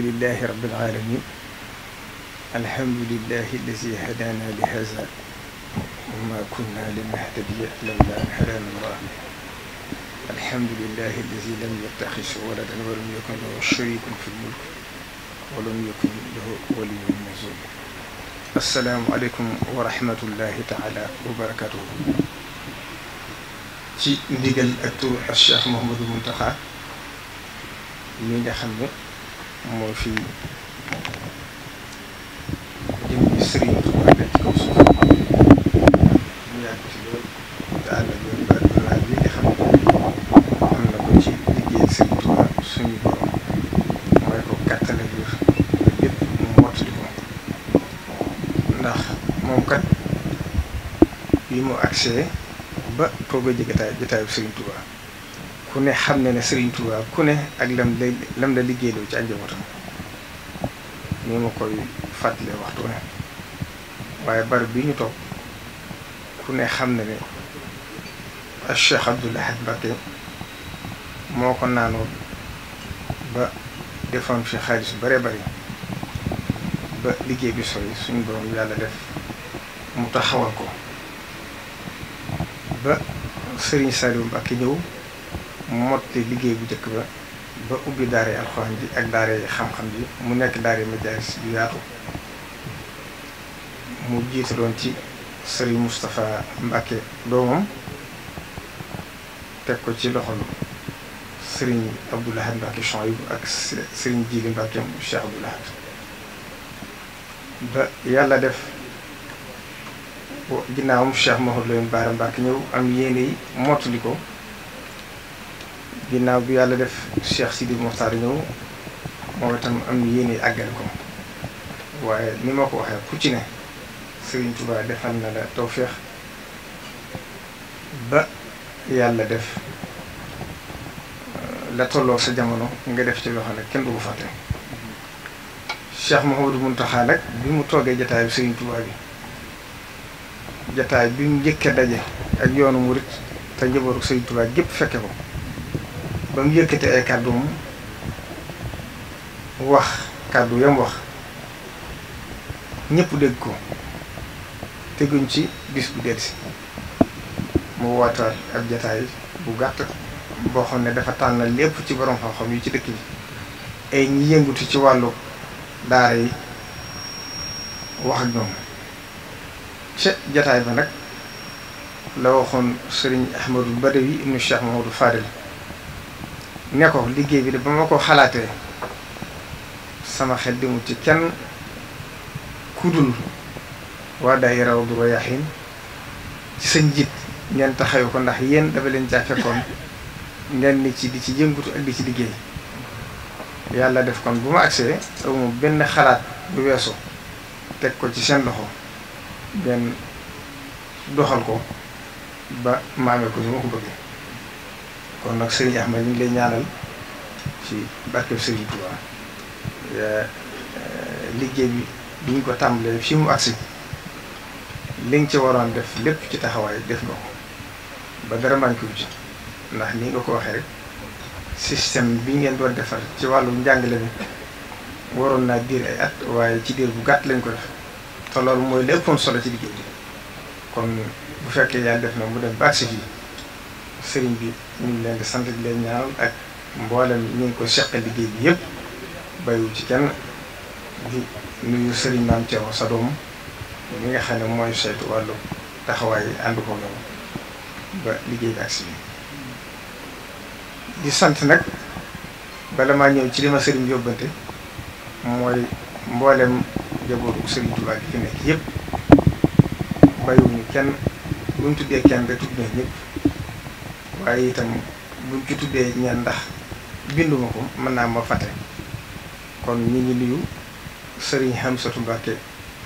alhamdulilahi rabbil alamin alhamdulilahi alladi hadana li haza wa ma kunna linahtadiya lawla an hadana allah alhamdulilahi alladi lam yattaxis waladan walam yakun lahu sharikun fi lmulk walam yakun lahu waliyun min zul asalaamualeykum wa rahmatullahi taala wa barakatuhu ci ndigal ak turu Cheikh Mouhamadou Mountakha mi nga xam ne moo fi jëm ci sëriñ bi mu ci kaw suuf mu yàgg ci loolu te ànd ak yoon ba li nga xam ne am na ko ci liggéey sëriñ Tuubaa suñu borom mooy ko kattan ak wér yëpp mu mottali ko ndax moom kat bi mu agsee ba toog a jege taay sëriñ Tuubaa ku ne xam ne ne Serigne Touba ku ne ak lam la lam la liggéeyloo ci ak njabootam ni ma koy fàttalee waxtu waaye bari bi ñu toog ku ne xam ne ne ak Cheikh Abdoul Ahad Mbacké moo ko naanoo ba defoon fi xaalis bare bari ba liggéey bi sooy suñ borom yàlla def mu taxawal ko ba Serigne Saliou Mbacké ñëw motte liggéey bu njëkk ba ba ubbi daara yi alxuraan ji ak daara yi xam-xam ji mu nekk daara yi majaalis yu yaatu mu jiite ci sëriñ Moustapha Mbacke doomam teg ko ci loxol sëriñ Abdou Lahad Mbacke Chouaïb ak sëriñ Jili Mbacke mu Cheikh ba yàlla def ginnaawam Cheikh Mouhamadou Lamine Bara Mbacke ñëw am yéene yi mottali ko ginnaaw bi yàlla def Cheikh Sidi Mokhtar ñëw moom itam am yéene àggale ko waaye ni ma ko waxee ku ci ne Serigne Touba defal na la ba yàlla def euh, la sa jamono nga def ci loo xam ne kenn du ko fàtte bi mu toogee jataay Serigne Touba bi jataay bi mu njëkkee daje ak yoonu murit te njabootu Serigne Touba gépp fekke ko. ba mu yëkkati ay kàddu mu wax kàddu yam wax ñëpp dégg ko teguñ ci bis bu si mu woote ab jataay bu gàtt boo xam ne dafa tànn lépp ci borom xam-xam yu ci dëkk bi ay ñi yëngutu ci wàllu daara yi wax ak ñoom ca jataay ba nag la waxoon sëriñ Ahmadou Badawi ibnu Cheikh Mamadou Fadil ne ko liggéey bi de ba ma ko xalaatee sama xel di mu ci kenn kudul waa daay raw du royaaxin ci sa njiit ngeen taxawu ko ndax yéen dafa leen caa fekkoon ngeen ni ci di ci yëngutu ak di ci liggéey yàlla def kon bu ma agsee amul benn xalaat bu weesu teg ko ci seen loxo ngeen doxal ko ba maame ko ni ma ko bëggee kon nag sëriñ Ahmad ñu ngi lay ñaanal ci barkeb sëriñ Tuubaa euh, euh, liggéey bi bi ñu ko tàmbalee fii mu agsi li nga ci waroon def lépp ci taxawaay def nga ko ba dara manqué wu ci ndax ni nga ko waxee rek système bi ngeen doon defar ci wàllu njàngale bi waroon naa diir ay at waaye ci diir bu gàtt lañ ko def te loolu mooy lépp solo ci liggéey bi kon bu fekkee yàlla def na mu dem ba agsi fii sëriñ bi ñu ngi leen di sant di leen ñaanal ak mboolem ñu ngi koy seq liggéey bi yëpp bayu ci kenn di nuyu sëriñ maam Thiaw sa doom mi nga xam ne mooy saytu wàllu taxawaay yi ànd ko ba liggéey bi ak si di sant nag bala maa ñëw ci li ma sëriñ yóbbante mooy mboolem jabootu sëriñ Tuubaa gi fi nekk yëpp bayuñu kenn buñ tuddee kenn rek tudd na waaye itam buñ ci tuddee ñaan ndax binduma ko mën naa ma fàtte kon ñu ngi nuyu sëriñ Hamsatu Mbàkke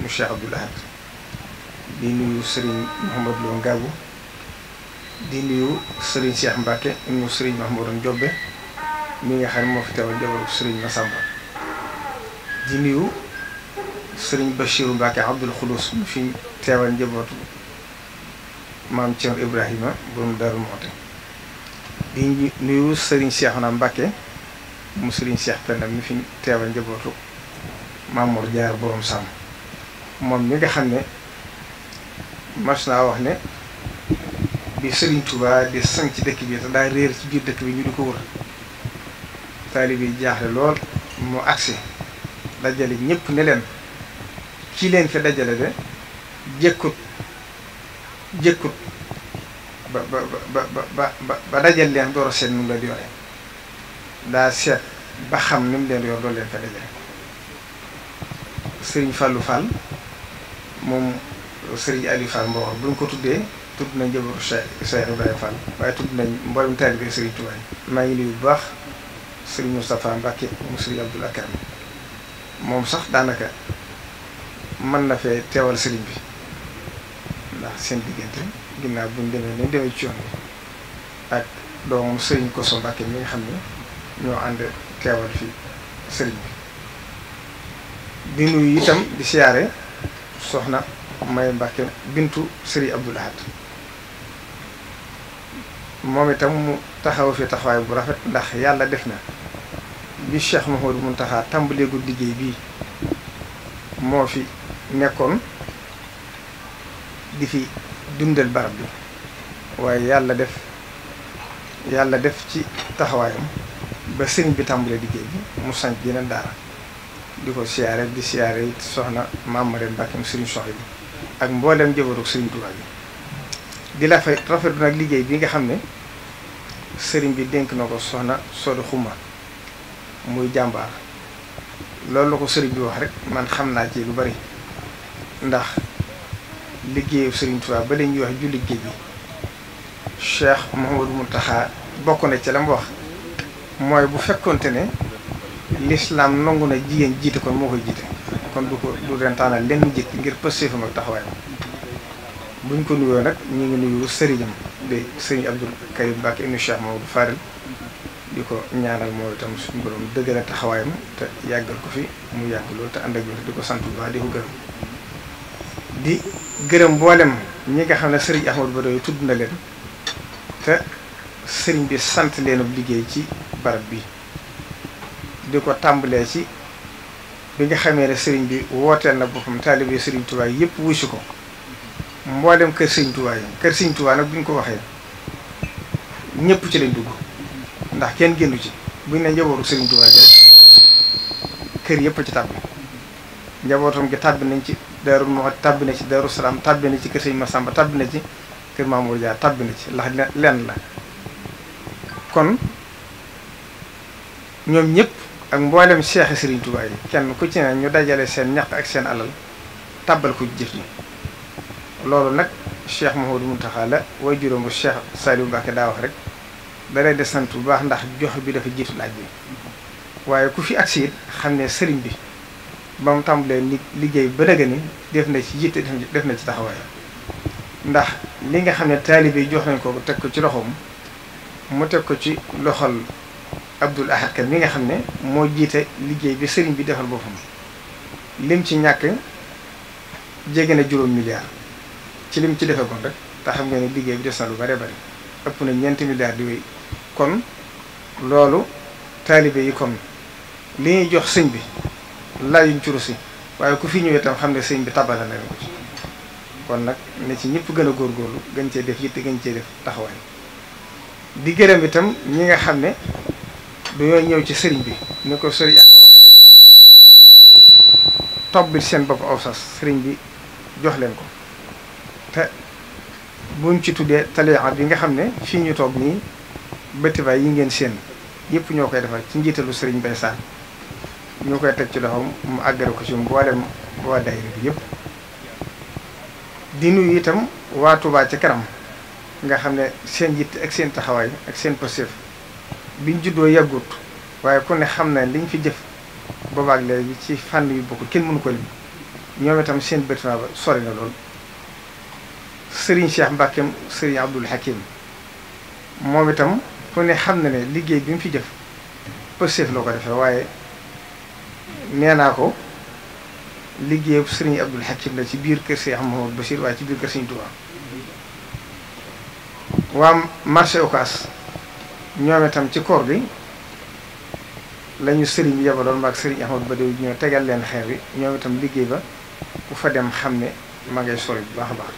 mu Cheikh Abdoul Ahad di nuyu sëriñ Mouhamadou Lo Ngabou di nuyu sëriñ Cheikh Mbàkke ñu sëriñ Mahmoudou Jobbe mi nga xam ne moo fi teewal jabaru sëriñ Massamba di nuyu sëriñ Bachirou Mbàkke Abdoul Khoudous mu fi teewal njabootu maam Thierno Ibrahima borom Darou Mouhty di sëriñ seex na Mbacké mu sëriñ Cheikh Penda mi fi teewal njabootu Mamour Diar borom sàmm moom mi nga xam ne mars naa wax ne bi sëriñ Touba di sanc ci dëkk bi te daa réer ci biir dëkk bi ñu di ko wër taalibe jaaxle lool mu agsi dajale ñëpp ne leen ci leen fi dajale de jëkkut jëkkut ba ba ba ba ba ba dajal leen door a seet nu mu leen yore daa seet ba xam ni mu leen yor doo leen fa dajale sëriñ Fallou Fall moom sëriñ Aliou Fall Mbawar bu ñu ko tuddee tudd nañ njabootu Cheikh Cheikh Ibrahima Fall waaye tudd nañ mboolem taalibe sëriñ Touba maa ngi nuyu bu baax sëriñ Moustapha Mbacke mu sëriñ Abdoul Akram moom sax daanaka mën na fee teewal sëriñ bi. ndax seen diggante ginnaaw bi mu demee ni demee ci yoon ak doomam sëriñ Koso Mbàkke mi nga xam ne ñoo ànd teewal fi sëriñ bi di nuyu itam di siyaare soxna May Mbàkke bintu sëriñ Abdul Ahad moom itam mu taxaw fi taxawaay bu rafet ndax yàlla def na bi Cheikh Mouhamadou Mountakha tàmbaleegul liggéey bii moo fi nekkoon di fi dundal barab bi waaye yàlla def yàlla def ci taxawaayam ba sëriñ bi tàmbalee liggéey bi mu sanc yeneen daara di ko siyaare di siyaare it soxna maam Marème Mbacke sëriñ soxna bi ak mboolem jabaru sëriñ Tuubaa bi di la fa nag liggéey bi nga xam ne sëriñ bi dénk na ko soxna Soda Xuma muy jàmbaar loolu la ko sëriñ bi wax rek man xam naa ci lu bari ndax liggéeyu Serigne Touba ba léegi ñuy wax julli géej gi Cheikh Mouhamadou Mountakha bokk na ci la mu wax mooy bu fekkonte ne l'islam nangu na jigéen jiite kon moo koy jiite kon du ko du leen tànnal lenn njëkk ngir pësté fam ak taxawaay buñ ko nuyoo nag ñu ngi nuyu sëriñam de sëriñ Abdoul Karim Mbacke ibnu Cheikh Mamadou Farid di ko ñaanal mooy itam suñu borom dëgg la taxawaayam te yàggal ko fi mu yàgg loolu te ànd ak loolu di ko sant bu baax di ko gërëm di gërëm mboolem ñi nga xam ne sëriñ Ahmadu Badoy tudd na leen te sëriñ bi sant leen liggéey ci barab bi di ko tàmbalee ci bi nga xamee ne sëriñ bi wooteel na boppam taalibe sëriñ Tuubaa yëpp wusu ko mboolem kër sëriñ Tuubaa yi kër sëriñ Tuubaa nag bu ñu ko waxee ñëpp ci lañ dugg ndax kenn génnu ci buñ ne njabootu sëriñ Tuubaa kër yëpp ci tàbbi njabootam gi tàbbi nañ ci Daaru Muxti tàbbi na ci Daaru Salaam tàbbi na ci kër sëñ Masamba tàbbi na ci kër Mamour Dia tàbbi na ci ndax lenn la kon ñoom ñëpp ak mboolem seexi Sëriñ Tuubaa yi kenn ku ci ne ñu dajale seen ñaq ak seen alal tàbbal ko jëf ñi loolu nag Cheikh Mouhamadou Mountakha la way juróom bu Cheikh Saliou Mbacké daa wax rek dalee de sant bu baax ndax jox bi dafa jiitu naaj bi waaye ku fi agsi it xam ne sëriñ bi ba mu tàmbalee ni liggéey ba dëgg ni def na ci yitte def na ci taxawaay ndax li nga xam ne taalibe yi jox nañ ko teg ko ci loxoom mu teg ko ci loxol Abdul Ahad Ka mi nga xam ne moo jiite liggéey bi sëriñ bi defal boppam lim ci ñàkk jege na juróom milliard ci lim ci defee kon rek te xam nga ne liggéey bi des na lu bare bari ëpp na ñeenti milliard di wéy kon loolu taalibe yi kon li ñuy jox sëñ bi laa yuñ ci waaye ku fi ñëwee itam xam ne sëñ bi tabale na ko kon nag ne ci ñëpp gën a góor góorlu gën cee def yitte gën cee def taxawaay di gërëm itam ñi nga xam ne dañoo ñëw ci sëriñ bi ni ko sëriñ Axma waxee seen bopp aw sas sëriñ bi jox leen ko te buñ ci tuddee taliya bi nga xam ne fii ñu toog nii bëtibaay yi ngeen seen yëpp ñoo koy defal ci njiitalu sëriñ Bay Sarr ñu koy teg ci loxoom mu àggale ko ci mboolem waa daayira bi yëpp di nuyu itam waa Touba ci kanam nga xam ne seen yitt ak seen taxawaay ak seen pasif biñ juddoo yàggut waaye ku ne xam na liñ fi jëf boobaak léegi ci fànn yu bokk kenn mënu ko lim ñoom itam seen bâtiment ba sori na lool sëriñ Cheikh Mbackeem Serigne Abdoul Hakim moom itam ku ne xam na ne liggéey bi mu fi jëf pasif la ko defee waaye. nee naa ko liggéeyub sëriñ Abdul Hakim la ci biir kër Cheikh Mouhamadou Bachir waaye ci biir kër sëriñ Touba waa marché Ocass ñoom itam ci koor bi lañu sëriñ bi yabaloon maag sëriñ Ahmad Badawi ñoo tegal leen xeer bi ñoom itam liggéey ba ku fa dem xam ne ma ngay sori bu baax a baax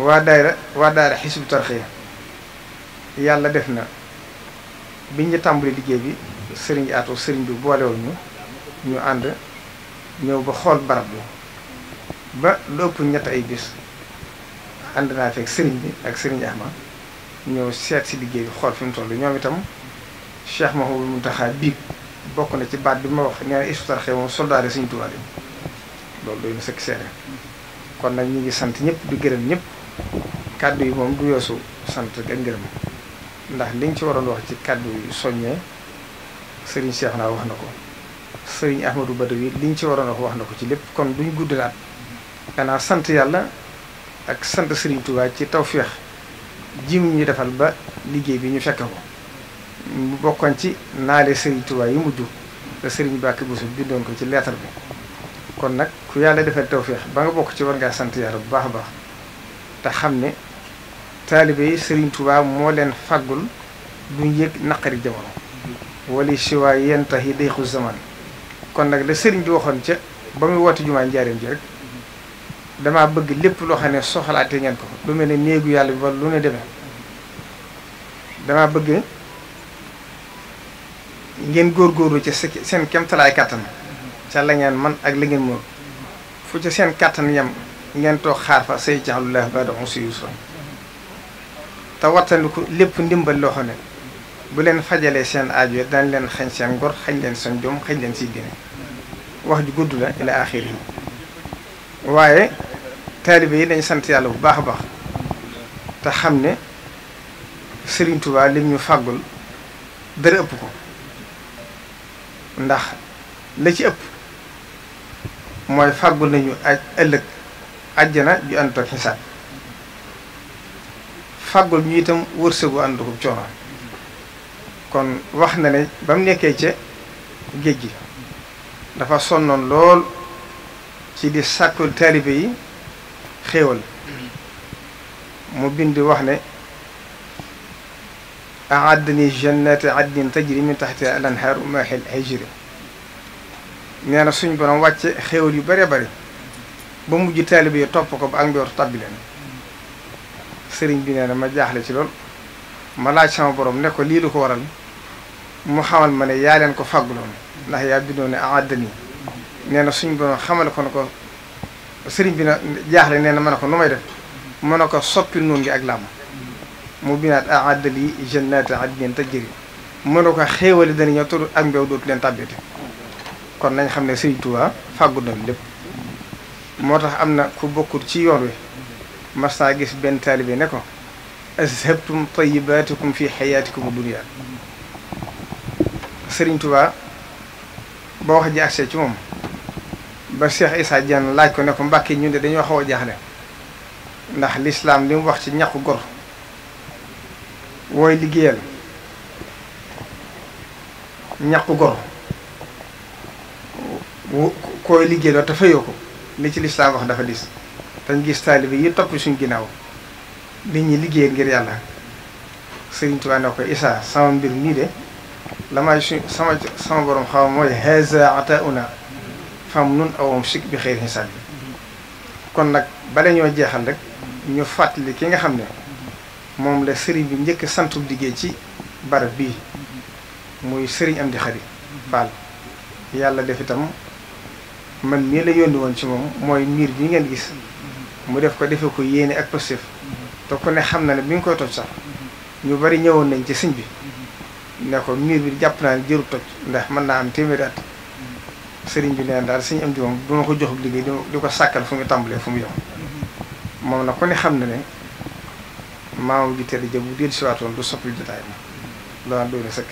waa daayra waa daayra xisbu tarxiya yàlla def na bi ñu tàmbali liggéey bi sëriñ aatu sëriñ bi boolewuñu ñu ànd ñëw ba xool barab bi ba lu ëpp ñett ay gis ànd naa fekk sëriñ bi ak sëriñ Ahma ñëw seet si liggéey bi xool fi mu toll ñoom itam Cheikh Mahoul Mountakha biig bokk na ci baat bi ma wax nee na Hizbut moom soldaar yi suñu tubaab yi loolu doy na sëkk seede kon nag ñu ngi sant ñëpp di gërëm ñëpp kàddu yi moom du yoosu sant ak ngërëm ndax liñ ci waroon wax ci kàddu yi soññee sëriñ Cheikh naa wax na ko sëriñ Ahmadou Badawi liñ ci waroon wax wax na ko ci lépp kon duñ guddalaat xanaa sant yàlla ak sant sëriñ tubaa ci tawféex jim ñu defal ba liggéey bi ñu fekk ko mu bokkoon ci naale sëriñ Touba yi mujj te sëriñ Bakk Bousso bindoon ko ci leetar bi kon nag ku yàlla defal tawféex ba nga bokk ci war ngaa sant yàlla bu baax a baax te xam ne taalibe yi sëriñ Touba moo leen faggul duñ yëg naqari jamono wali siwaa yentahi dayxu zaman kon nag la sëriñ bi waxoon ca ba muy woote jumaa njaareem ji rek damaa bëgg lépp loo xam ne soxlaate ngeen ko lu mel ni néegu yàlla bi wala lu ne demee damaa bëgg ngeen góorgóorlu ca seen kemtalaay kàttan ca la ngeen man ak la ngeen moom fu ca seen kàttan yem ngeen toog xaar fa say jaxlulah bada onsi yusra te wattandiku lépp ndimbal loo ne bu leen fajalee seen aajo daan leen xañ seen ngor xañ leen seen jom xañ leen si diine wax ju gudd la ila axiri waaye taalibe yi dañ sant yàlla bu baax a baax te xam ne Sëriñ Tuubaa lim ñu fàggul dara ëpp ko ndax la ci ëpp mooy fàggul nañu aj ëllëg àjjana ju ànd ak xisaab fàggul ñu itam wërsëgu ànd ko coono kon wax na ne ba nekkee ca géej gi dafa sonnoon lool ci di sàkkul taalibe yi xéewal mu bind wax ne a jannati addin tajri min taxtiha al anhaaru ma hijri nee na suñ borom wàcce xéewal yu bare bare ba mujj taalibe yi topp ko ba ak mbiwatu tabbi leen sëriñ bi nee na ma jaaxle ci lool ma laaj sama borom ne lii lu ko waral mu xamal ma ne yaa leen ko fàgguloon ndax yaa bindoo ne addani nee na suñ borom xamal ko ne ko sëriñ bi na jaaxle nee na ma ne ko nu may def mu ne ko soppi noon gi ak làmm mu binaat addali jannaati adnin tajri mu ne ko xéewali dana ñoo tudd ak mbew dootu leen tàbbite kon nañ xam ne sëriñ Tuubaa fàggu doon lépp moo tax am na ku bokkul ci yoon wi mas naa gis benn taalibe ne ko azhabtum tayibaatikum fi xayaatikum dunya Serigne Touba ba wax ji agsee ci moom ba Cheikh Issa Dieng laaj ko ne ko Mbàkke ñun de dañoo xaw a jaaxle ndax lislaam li mu wax ci ñàkku gor wooy liggéeyal ñàkku gor kooy liggéeyloo te fayoo ko li ci lislaam wax dafa dis dañ gis taalibe yi topp suñ ginnaaw li ñuy liggéeyal ngir yàlla Serigne Touba ko Issa sama mbir mii de la may suñ sama sama borom xam mooy haza ataauna fam nun awam sik bi xëyri xisaab bi kon nag bale ñoo jeexal rek ñu fàttali ki nga xam ne moom la sëriñ bi njëkk santub liggéey ci barab bii muy sëriñ am di xarit Fall yàlla def itam man mii la yónni woon ci moom mooy miir bi ngeen gis mu def ko defe ko yéene ak positif te ku ne xam na ne bi nga koy toj sax ñu bari ñëwoon nañ ci siñ bi ne ko miir bi jàpp naa ne jëru toj ndax mën naa am téeméeri at sëriñ bi neen daal suñu am di moom ma ko jox liggéey di ko sàkkal fu mu tàmbalee fu mu yem moom na ko ne xam ne ne maamam ji tedd jë bu del siwaatoon du soppi jotaay ma loolu doon sëkk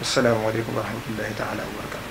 asalaamaaleykum wa